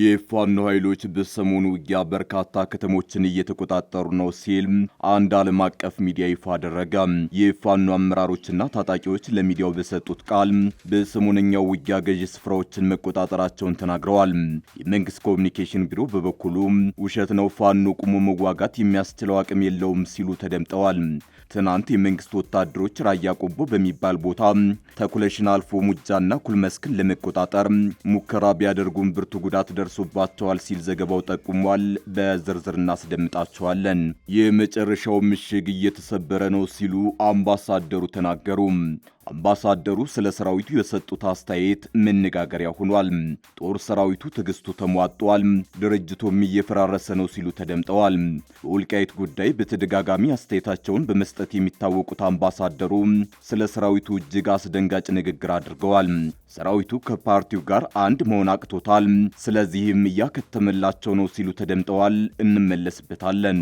የፋኖ ኃይሎች በሰሞኑ ውጊያ በርካታ ከተሞችን እየተቆጣጠሩ ነው ሲል አንድ ዓለም አቀፍ ሚዲያ ይፋ አደረገ። የፋኖ አመራሮችና ታጣቂዎች ለሚዲያው በሰጡት ቃል በሰሞነኛው ውጊያ ገዢ ስፍራዎችን መቆጣጠራቸውን ተናግረዋል። የመንግስት ኮሚኒኬሽን ቢሮ በበኩሉ ውሸት ነው፣ ፋኖ ቁሞ መዋጋት የሚያስችለው አቅም የለውም ሲሉ ተደምጠዋል። ትናንት የመንግስት ወታደሮች ራያ ቆቦ በሚባል ቦታ ተኩለሽን አልፎ ሙጃና ኩልመስክን ለመቆጣጠር ሙከራ ቢያደርጉም ብርቱ ጉዳት ደርሶባቸዋል ሲል ዘገባው ጠቁሟል። በዝርዝር እናስደምጣቸዋለን። የመጨረሻው ምሽግ እየተሰበረ ነው ሲሉ አምባሳደሩ ተናገሩ። አምባሳደሩ ስለ ሰራዊቱ የሰጡት አስተያየት መነጋገሪያ ሆኗል። ጦር ሰራዊቱ ትዕግስቱ ተሟጧል፣ ድርጅቱም እየፈራረሰ ነው ሲሉ ተደምጠዋል። በወልቃይት ጉዳይ በተደጋጋሚ አስተያየታቸውን በመስጠት የሚታወቁት አምባሳደሩ ስለ ሰራዊቱ እጅግ አስደንጋጭ ንግግር አድርገዋል። ሰራዊቱ ከፓርቲው ጋር አንድ መሆን አቅቶታል፣ ስለዚህም እያከተመላቸው ነው ሲሉ ተደምጠዋል። እንመለስበታለን።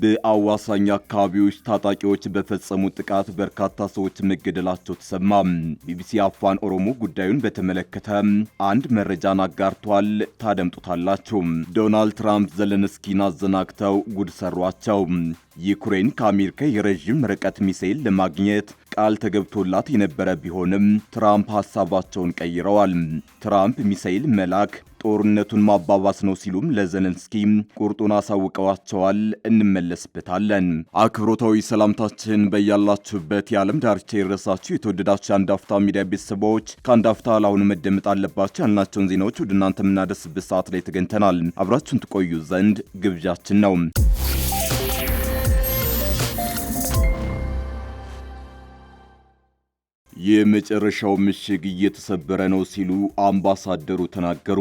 በአዋሳኝ አካባቢዎች ታጣቂዎች በፈጸሙት ጥቃት በርካታ ሰዎች መገደላቸው ተሰማ። ቢቢሲ አፋን ኦሮሞ ጉዳዩን በተመለከተ አንድ መረጃን አጋርቷል። ታደምጡታላችሁ። ዶናልድ ትራምፕ ዘለንስኪን አዘናግተው ጉድ ሰሯቸው። ዩክሬን ከአሜሪካ የረዥም ርቀት ሚሳኤል ለማግኘት ቃል ተገብቶላት የነበረ ቢሆንም ትራምፕ ሀሳባቸውን ቀይረዋል። ትራምፕ ሚሳኤል መላክ ጦርነቱን ማባባስ ነው ሲሉም ለዘለንስኪ ቁርጡን አሳውቀዋቸዋል። እንመለስበታለን። አክብሮታዊ ሰላምታችን በያላችሁበት የዓለም ዳርቻ የደረሳችሁ የተወደዳችሁ የአንድ አፍታ ሚዲያ ቤተሰቦች ከአንዳፍታ አፍታ ለአሁኑ መደመጥ አለባቸው ያልናቸውን ዜናዎች ወደ እናንተ የምናደርስበት ሰዓት ላይ ተገኝተናል። አብራችሁን ትቆዩ ዘንድ ግብዣችን ነው። የመጨረሻው ምሽግ እየተሰበረ ነው ሲሉ አምባሳደሩ ተናገሩ።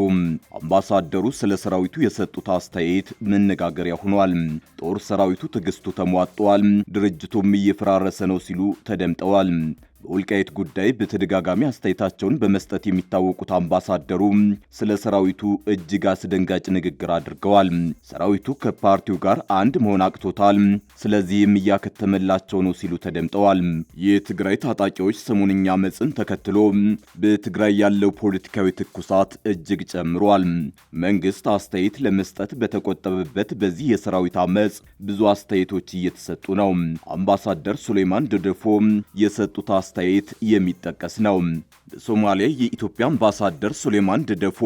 አምባሳደሩ ስለ ሰራዊቱ የሰጡት አስተያየት መነጋገሪያ ሆኗል። ጦር ሰራዊቱ ትዕግስቱ ተሟጧል፣ ድርጅቱም እየፈራረሰ ነው ሲሉ ተደምጠዋል። በወልቃይት ጉዳይ በተደጋጋሚ አስተያየታቸውን በመስጠት የሚታወቁት አምባሳደሩ ስለ ሰራዊቱ እጅግ አስደንጋጭ ንግግር አድርገዋል። ሰራዊቱ ከፓርቲው ጋር አንድ መሆን አቅቶታል፣ ስለዚህም እያከተመላቸው ነው ሲሉ ተደምጠዋል። የትግራይ ታጣቂዎች ሰሞንኛ መጽን ተከትሎ በትግራይ ያለው ፖለቲካዊ ትኩሳት እጅግ ጨምሯል። መንግስት አስተያየት ለመስጠት በተቆጠበበት በዚህ የሰራዊት አመፅ ብዙ አስተያየቶች እየተሰጡ ነው። አምባሳደር ሱሌማን ደደፎ የሰጡት አስተያየት የሚጠቀስ ነው። በሶማሊያ የኢትዮጵያ አምባሳደር ሱሌማን ደደፎ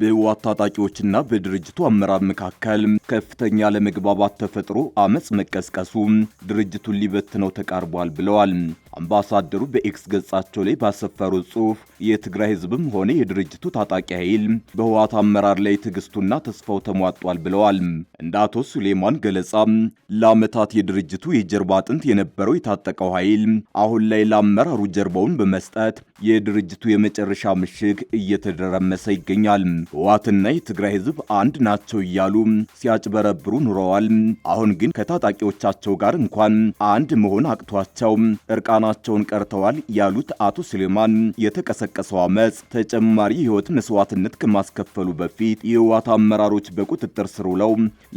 በህወሓት ታጣቂዎችና በድርጅቱ አመራር መካከል ከፍተኛ ለመግባባት ተፈጥሮ አመፅ መቀስቀሱ ድርጅቱን ሊበትነው ተቃርቧል ብለዋል። አምባሳደሩ በኤክስ ገጻቸው ላይ ባሰፈሩ ጽሑፍ የትግራይ ህዝብም ሆነ የድርጅቱ ታጣቂ ኃይል በህወሓት አመራር ላይ ትዕግስቱና ተስፋው ተሟጧል ብለዋል። እንደ አቶ ሱሌማን ገለጻ ለዓመታት የድርጅቱ የጀርባ አጥንት የነበረው የታጠቀው ኃይል አሁን ላይ ለአመራሩ ጀርባውን በመስጠት የድርጅቱ የመጨረሻ ምሽግ እየተደረመሰ ይገኛል። ህወሓትና የትግራይ ህዝብ አንድ ናቸው እያሉ ሲያጭበረብሩ ኑረዋል። አሁን ግን ከታጣቂዎቻቸው ጋር እንኳን አንድ መሆን አቅቷቸው እርቃናቸውን ቀርተዋል ያሉት አቶ ስሌማን የተቀሰቀሰው አመፅ ተጨማሪ ህይወት መስዋዕትነት ከማስከፈሉ በፊት የህወሓት አመራሮች በቁጥጥር ስር ውለው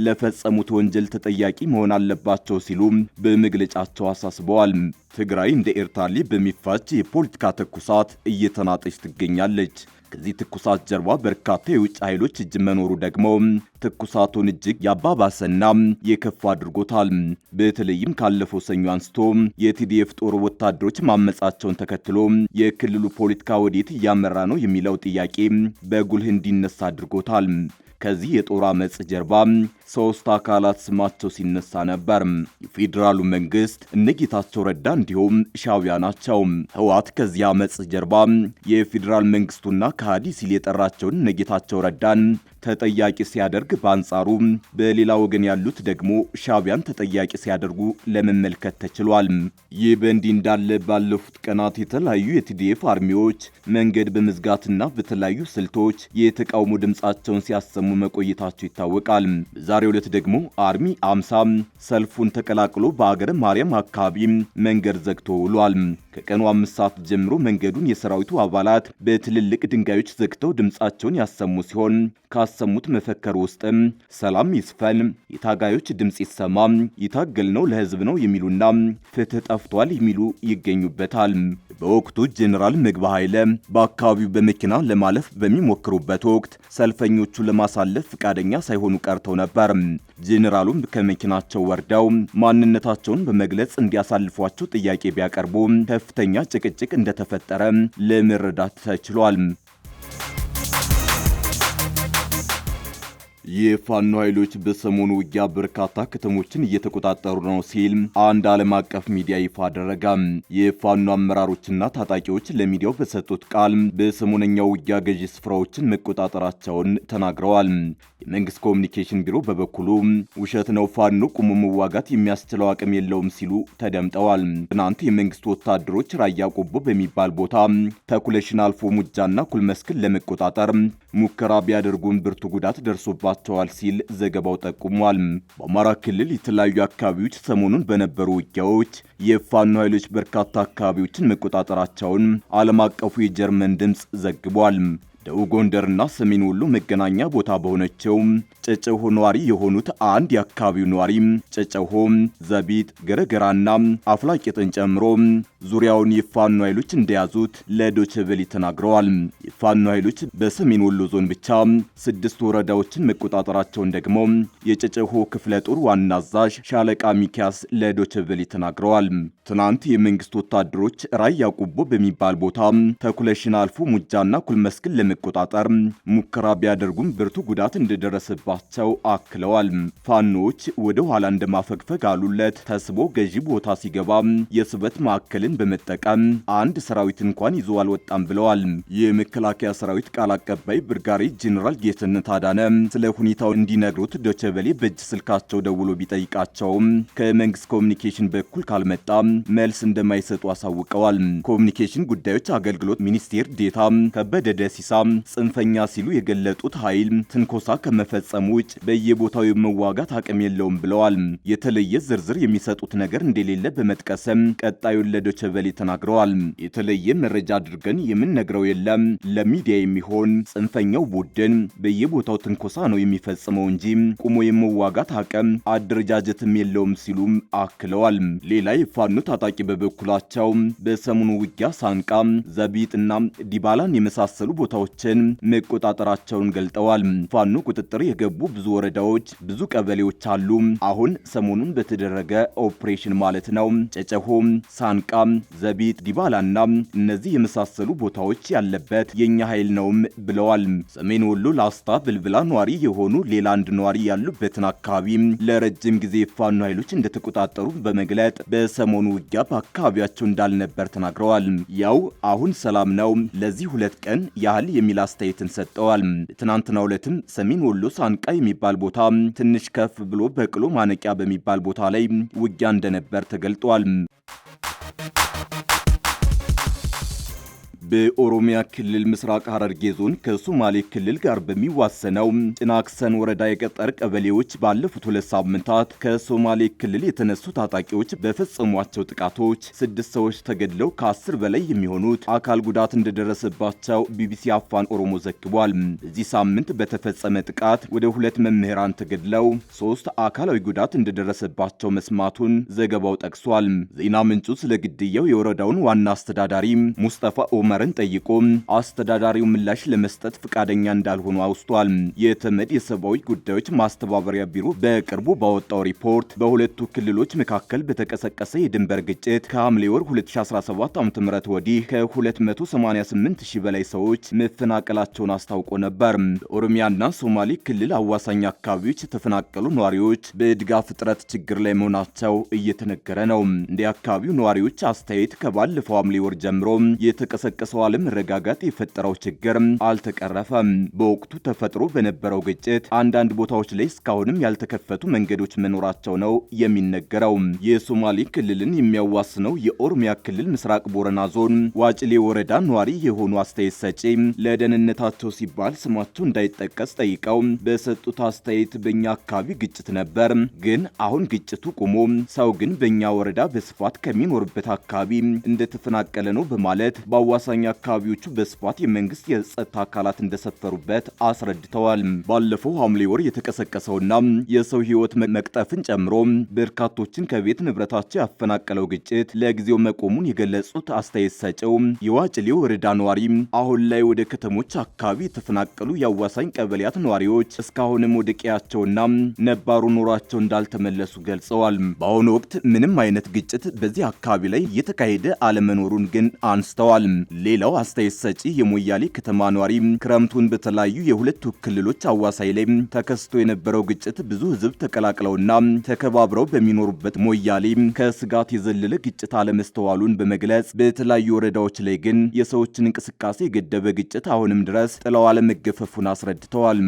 ለፈጸሙት ወንጀል ተጠያቂ መሆን አለባቸው ሲሉ በመግለጫቸው አሳስበዋል። ትግራይ እንደ ኤርታሌ በሚፋጭ የፖለቲካ ትኩሳት እየተናጠች ትገኛለች። ከዚህ ትኩሳት ጀርባ በርካታ የውጭ ኃይሎች እጅ መኖሩ ደግሞ ትኩሳቱን እጅግ ያባባሰና የከፋ አድርጎታል። በተለይም ካለፈው ሰኞ አንስቶ የቲዲኤፍ ጦር ወታደሮች ማመጻቸውን ተከትሎ የክልሉ ፖለቲካ ወዴት እያመራ ነው የሚለው ጥያቄ በጉልህ እንዲነሳ አድርጎታል። ከዚህ የጦር አመጽ ጀርባ ሶስት አካላት ስማቸው ሲነሳ ነበር። የፌዴራሉ መንግስት እነጌታቸው ረዳ እንዲሁም ሻቢያ ናቸው። ህወሓት ከዚህ አመፅ ጀርባ የፌዴራል መንግስቱና ከሃዲ ሲል የጠራቸውን እነጌታቸው ረዳን ተጠያቂ ሲያደርግ፣ በአንጻሩ በሌላ ወገን ያሉት ደግሞ ሻቢያን ተጠያቂ ሲያደርጉ ለመመልከት ተችሏል። ይህ በእንዲህ እንዳለ ባለፉት ቀናት የተለያዩ የቲዲኤፍ አርሚዎች መንገድ በመዝጋትና በተለያዩ ስልቶች የተቃውሞ ድምፃቸውን ሲያሰሙ መቆየታቸው ይታወቃል። ዛሬ ዕለት ደግሞ አርሚ አምሳ ሰልፉን ተቀላቅሎ በአገረ ማርያም አካባቢ መንገድ ዘግቶ ውሏል። ከቀኑ አምስት ሰዓት ጀምሮ መንገዱን የሰራዊቱ አባላት በትልልቅ ድንጋዮች ዘግተው ድምፃቸውን ያሰሙ ሲሆን ካሰሙት መፈክር ውስጥም ሰላም ይስፈን፣ የታጋዮች ድምፅ ይሰማ፣ የታገልነው ለህዝብ ነው የሚሉና ፍትህ ጠፍቷል የሚሉ ይገኙበታል። በወቅቱ ጀነራል ምግባ ኃይለ በአካባቢው በመኪና ለማለፍ በሚሞክሩበት ወቅት ሰልፈኞቹ ለማሳለፍ ፈቃደኛ ሳይሆኑ ቀርተው ነበር። ጀነራሉም ከመኪናቸው ወርደው ማንነታቸውን በመግለጽ እንዲያሳልፏቸው ጥያቄ ቢያቀርቡ ከፍተኛ ጭቅጭቅ እንደተፈጠረ ለመረዳት ተችሏል። የፋኖ ኃይሎች በሰሞኑ ውጊያ በርካታ ከተሞችን እየተቆጣጠሩ ነው ሲል አንድ ዓለም አቀፍ ሚዲያ ይፋ አደረገ። የፋኖ አመራሮችና ታጣቂዎች ለሚዲያው በሰጡት ቃል በሰሞነኛው ውጊያ ገዢ ስፍራዎችን መቆጣጠራቸውን ተናግረዋል። የመንግስት ኮሚኒኬሽን ቢሮ በበኩሉ ውሸት ነው፣ ፋኖ ቁሙ መዋጋት የሚያስችለው አቅም የለውም ሲሉ ተደምጠዋል። ትናንት የመንግስት ወታደሮች ራያ ቆቦ በሚባል ቦታ ተኩለሽን አልፎ ሙጃና ኩልመስክን ለመቆጣጠር ሙከራ ቢያደርጉን ብርቱ ጉዳት ደርሶባቸው ተሰጥቷቸዋል ሲል ዘገባው ጠቁሟል። በአማራ ክልል የተለያዩ አካባቢዎች ሰሞኑን በነበሩ ውጊያዎች የፋኖ ኃይሎች በርካታ አካባቢዎችን መቆጣጠራቸውን ዓለም አቀፉ የጀርመን ድምፅ ዘግቧል። ደቡብ ጎንደርና ሰሜን ወሎ መገናኛ ቦታ በሆነችው ጨጨሆ ነዋሪ የሆኑት አንድ የአካባቢው ነዋሪ ጨጨሆ፣ ዘቢጥ፣ ገረገራና አፍላቂጥን ጨምሮ ዙሪያውን የፋኖ ኃይሎች እንደያዙት ለዶችቨሊ ተናግረዋል። የፋኖ ኃይሎች በሰሜን ወሎ ዞን ብቻ ስድስት ወረዳዎችን መቆጣጠራቸውን ደግሞ የጨጨሆ ክፍለ ጦር ዋና አዛዥ ሻለቃ ሚኪያስ ለዶችቨሊ ተናግረዋል። ትናንት የመንግስት ወታደሮች ራያ ቁቦ በሚባል ቦታ ተኩለሽን አልፎ ሙጃና ኩልመስክን ለመ ለመቆጣጠር ሙከራ ቢያደርጉም ብርቱ ጉዳት እንደደረሰባቸው አክለዋል። ፋኖች ወደ ኋላ እንደማፈግፈግ አሉለት ተስቦ ገዢ ቦታ ሲገባ የስበት ማዕከልን በመጠቀም አንድ ሰራዊት እንኳን ይዞ አልወጣም ብለዋል። የመከላከያ ሰራዊት ቃል አቀባይ ብርጋሪ ጄኔራል ጌትነት አዳነ ስለ ሁኔታው እንዲነግሩት ዶቸበሌ በእጅ ስልካቸው ደውሎ ቢጠይቃቸውም ከመንግስት ኮሚኒኬሽን በኩል ካልመጣ መልስ እንደማይሰጡ አሳውቀዋል። ኮሚኒኬሽን ጉዳዮች አገልግሎት ሚኒስቴር ዴታ ከበደ ደሲሳ ጽንፈኛ ሲሉ የገለጡት ኃይል ትንኮሳ ከመፈጸሙ ውጭ በየቦታው የመዋጋት አቅም የለውም ብለዋል። የተለየ ዝርዝር የሚሰጡት ነገር እንደሌለ በመጥቀስም ቀጣዩን ለዶቼ ቬለ ተናግረዋል። የተለየ መረጃ አድርገን የምንነግረው የለም። ለሚዲያ የሚሆን ጽንፈኛው ቡድን በየቦታው ትንኮሳ ነው የሚፈጽመው እንጂ ቁሞ የመዋጋት አቅም አደረጃጀትም የለውም ሲሉም አክለዋል። ሌላ የፋኖ ታጣቂ በበኩላቸው በሰሙኑ ውጊያ ሳንቃ፣ ዘቢጥና ዲባላን የመሳሰሉ ቦታዎች ቦታዎችን መቆጣጠራቸውን ገልጠዋል። ፋኖ ቁጥጥር የገቡ ብዙ ወረዳዎች፣ ብዙ ቀበሌዎች አሉ። አሁን ሰሞኑን በተደረገ ኦፕሬሽን ማለት ነው ጨጨሆ፣ ሳንቃ፣ ዘቢጥ፣ ዲባላና እነዚህ የመሳሰሉ ቦታዎች ያለበት የኛ ኃይል ነውም ብለዋል። ሰሜን ወሎ ላስታ ብልብላ ነዋሪ የሆኑ ሌላ አንድ ነዋሪ ያሉበትን አካባቢ ለረጅም ጊዜ የፋኖ ኃይሎች እንደተቆጣጠሩ በመግለጥ በሰሞኑ ውጊያ በአካባቢያቸው እንዳልነበር ተናግረዋል። ያው አሁን ሰላም ነው። ለዚህ ሁለት ቀን ያህል የሚል አስተያየትን ሰጠዋል። ትናንትና ዕለትም ሰሜን ወሎ ሳንቃ የሚባል ቦታ ትንሽ ከፍ ብሎ በቅሎ ማነቂያ በሚባል ቦታ ላይ ውጊያ እንደነበር ተገልጧል። በኦሮሚያ ክልል ምስራቅ ሐረርጌ ዞን ከሶማሌ ክልል ጋር በሚዋሰነው ጭናክሰን ወረዳ የገጠር ቀበሌዎች ባለፉት ሁለት ሳምንታት ከሶማሌ ክልል የተነሱ ታጣቂዎች በፈጸሟቸው ጥቃቶች ስድስት ሰዎች ተገድለው ከአስር በላይ የሚሆኑት አካል ጉዳት እንደደረሰባቸው ቢቢሲ አፋን ኦሮሞ ዘግቧል። በዚህ ሳምንት በተፈጸመ ጥቃት ወደ ሁለት መምህራን ተገድለው ሶስት አካላዊ ጉዳት እንደደረሰባቸው መስማቱን ዘገባው ጠቅሷል። ዜና ምንጩ ስለ ግድያው የወረዳውን ዋና አስተዳዳሪ ሙስጠፋ ኦመር መመርመርን ጠይቆ አስተዳዳሪው ምላሽ ለመስጠት ፈቃደኛ እንዳልሆኑ አውስቷል። የተመድ የሰብአዊ ጉዳዮች ማስተባበሪያ ቢሮ በቅርቡ ባወጣው ሪፖርት በሁለቱ ክልሎች መካከል በተቀሰቀሰ የድንበር ግጭት ከሐምሌ ወር 2017 ዓ.ም ወዲህ ከ288 ሺህ በላይ ሰዎች መፈናቀላቸውን አስታውቆ ነበር። በኦሮሚያና ሶማሌ ክልል አዋሳኝ አካባቢዎች የተፈናቀሉ ነዋሪዎች በድጋፍ እጥረት ችግር ላይ መሆናቸው እየተነገረ ነው። እንደ አካባቢው ነዋሪዎች አስተያየት ከባለፈው ሐምሌ ወር ጀምሮ የተቀሰቀሰ የቀሰቀሰው አለመረጋጋት የፈጠረው ችግር አልተቀረፈም። በወቅቱ ተፈጥሮ በነበረው ግጭት አንዳንድ ቦታዎች ላይ እስካሁንም ያልተከፈቱ መንገዶች መኖራቸው ነው የሚነገረው። የሶማሌ ክልልን የሚያዋስነው የኦሮሚያ ክልል ምስራቅ ቦረና ዞን ዋጭሌ ወረዳ ነዋሪ የሆኑ አስተያየት ሰጪ ለደህንነታቸው ሲባል ስማቸው እንዳይጠቀስ ጠይቀው በሰጡት አስተያየት በእኛ አካባቢ ግጭት ነበር፣ ግን አሁን ግጭቱ ቆሞ ሰው ግን በእኛ ወረዳ በስፋት ከሚኖርበት አካባቢ እንደተፈናቀለ ነው በማለት በአዋሳኝ መዝናኛ አካባቢዎቹ በስፋት የመንግስት የጸጥታ አካላት እንደሰፈሩበት አስረድተዋል። ባለፈው ሐምሌ ወር የተቀሰቀሰውና የሰው ህይወት መቅጠፍን ጨምሮ በርካቶችን ከቤት ንብረታቸው ያፈናቀለው ግጭት ለጊዜው መቆሙን የገለጹት አስተያየት ሰጪው የዋጭሌው ወረዳ ነዋሪ አሁን ላይ ወደ ከተሞች አካባቢ የተፈናቀሉ የአዋሳኝ ቀበሌያት ነዋሪዎች እስካሁንም ወደ ቀያቸውና ነባሩ ኑሯቸው እንዳልተመለሱ ገልጸዋል። በአሁኑ ወቅት ምንም አይነት ግጭት በዚህ አካባቢ ላይ እየተካሄደ አለመኖሩን ግን አንስተዋል። ሌላው አስተያየት ሰጪ የሞያሌ ከተማ ኗሪ ክረምቱን በተለያዩ የሁለቱ ክልሎች አዋሳኝ ላይ ተከስቶ የነበረው ግጭት ብዙ ህዝብ ተቀላቅለውና ተከባብረው በሚኖሩበት ሞያሌ ከስጋት የዘለለ ግጭት አለመስተዋሉን በመግለጽ በተለያዩ ወረዳዎች ላይ ግን የሰዎችን እንቅስቃሴ የገደበ ግጭት አሁንም ድረስ ጥለው አለመገፈፉን አስረድተዋል።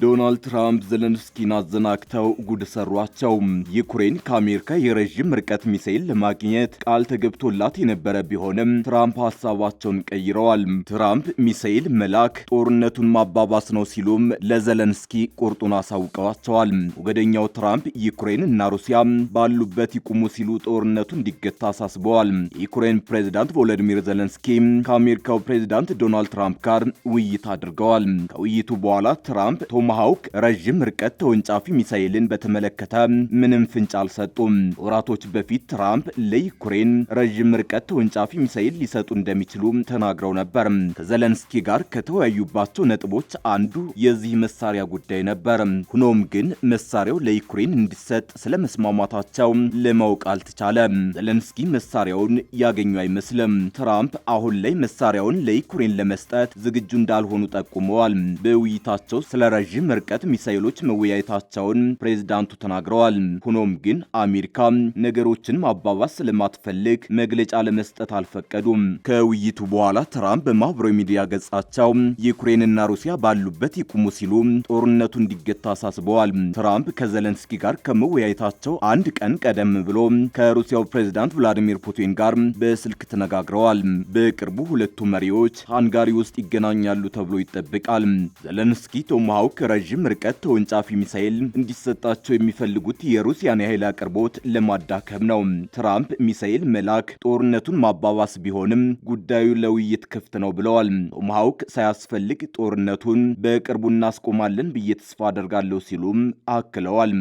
ዶናልድ ትራምፕ ዘለንስኪን አዘናግተው ጉድ ሰሯቸው። ዩክሬን ከአሜሪካ የረዥም ርቀት ሚሳኤል ለማግኘት ቃል ተገብቶላት የነበረ ቢሆንም ትራምፕ ሀሳባቸውን ቀይረዋል። ትራምፕ ሚሳኤል መላክ ጦርነቱን ማባባስ ነው ሲሉም ለዘለንስኪ ቁርጡን አሳውቀዋቸዋል። ወገደኛው ትራምፕ ዩክሬን እና ሩሲያ ባሉበት ይቁሙ ሲሉ ጦርነቱ እንዲገታ አሳስበዋል። የዩክሬን ፕሬዚዳንት ቮሎዲሚር ዘለንስኪ ከአሜሪካው ፕሬዚዳንት ዶናልድ ትራምፕ ጋር ውይይት አድርገዋል። ከውይይቱ በኋላ ትራምፕ ቶማሃውክ ረዥም ርቀት ተወንጫፊ ሚሳኤልን በተመለከተ ምንም ፍንጭ አልሰጡም። ወራቶች በፊት ትራምፕ ለዩክሬን ረዥም ርቀት ተወንጫፊ ሚሳኤል ሊሰጡ እንደሚችሉ ተናግረው ነበር። ከዘለንስኪ ጋር ከተወያዩባቸው ነጥቦች አንዱ የዚህ መሳሪያ ጉዳይ ነበር። ሆኖም ግን መሳሪያው ለዩክሬን እንዲሰጥ ስለመስማማታቸው ለማወቅ አልተቻለም። ዘለንስኪ መሳሪያውን ያገኙ አይመስልም። ትራምፕ አሁን ላይ መሳሪያውን ለዩክሬን ለመስጠት ዝግጁ እንዳልሆኑ ጠቁመዋል። በውይይታቸው ስለ ረዥም ረዥም ርቀት ሚሳይሎች መወያየታቸውን ፕሬዝዳንቱ ተናግረዋል። ሆኖም ግን አሜሪካ ነገሮችን ማባባስ ስለማትፈልግ መግለጫ ለመስጠት አልፈቀዱም። ከውይይቱ በኋላ ትራምፕ በማህበራዊ ሚዲያ ገጻቸው ዩክሬንና ሩሲያ ባሉበት ይቁሙ ሲሉ ጦርነቱ እንዲገታ አሳስበዋል። ትራምፕ ከዘለንስኪ ጋር ከመወያየታቸው አንድ ቀን ቀደም ብሎ ከሩሲያው ፕሬዝዳንት ቭላዲሚር ፑቲን ጋር በስልክ ተነጋግረዋል። በቅርቡ ሁለቱ መሪዎች ሃንጋሪ ውስጥ ይገናኛሉ ተብሎ ይጠበቃል። ዘለንስኪ ቶማሃውክ ረዥም ርቀት ተወንጫፊ ሚሳኤል እንዲሰጣቸው የሚፈልጉት የሩሲያን የኃይል አቅርቦት ለማዳከም ነው። ትራምፕ ሚሳኤል መላክ ጦርነቱን ማባባስ ቢሆንም ጉዳዩ ለውይይት ክፍት ነው ብለዋል። ቶማሃውክ ሳያስፈልግ ጦርነቱን በቅርቡ እናስቆማለን ብዬ ተስፋ አደርጋለሁ ሲሉም አክለዋል።